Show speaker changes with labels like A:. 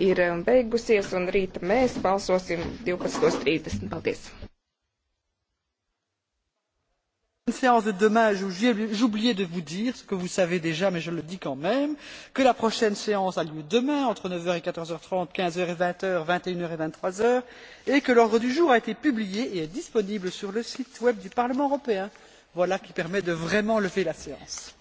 A: ir um, beigusies, un rīta mēs balsosim 12.30. Paldies!
B: Une séance de demain, j'oubliais de vous dire ce que vous savez déjà, mais je le dis quand même, que la prochaine séance a lieu demain entre 9h et 14h30, 15h et 20h, 21h et 23h, et que l'ordre du jour a été publié et est disponible sur le site web du Parlement européen. Voilà qui permet de vraiment lever la
C: séance.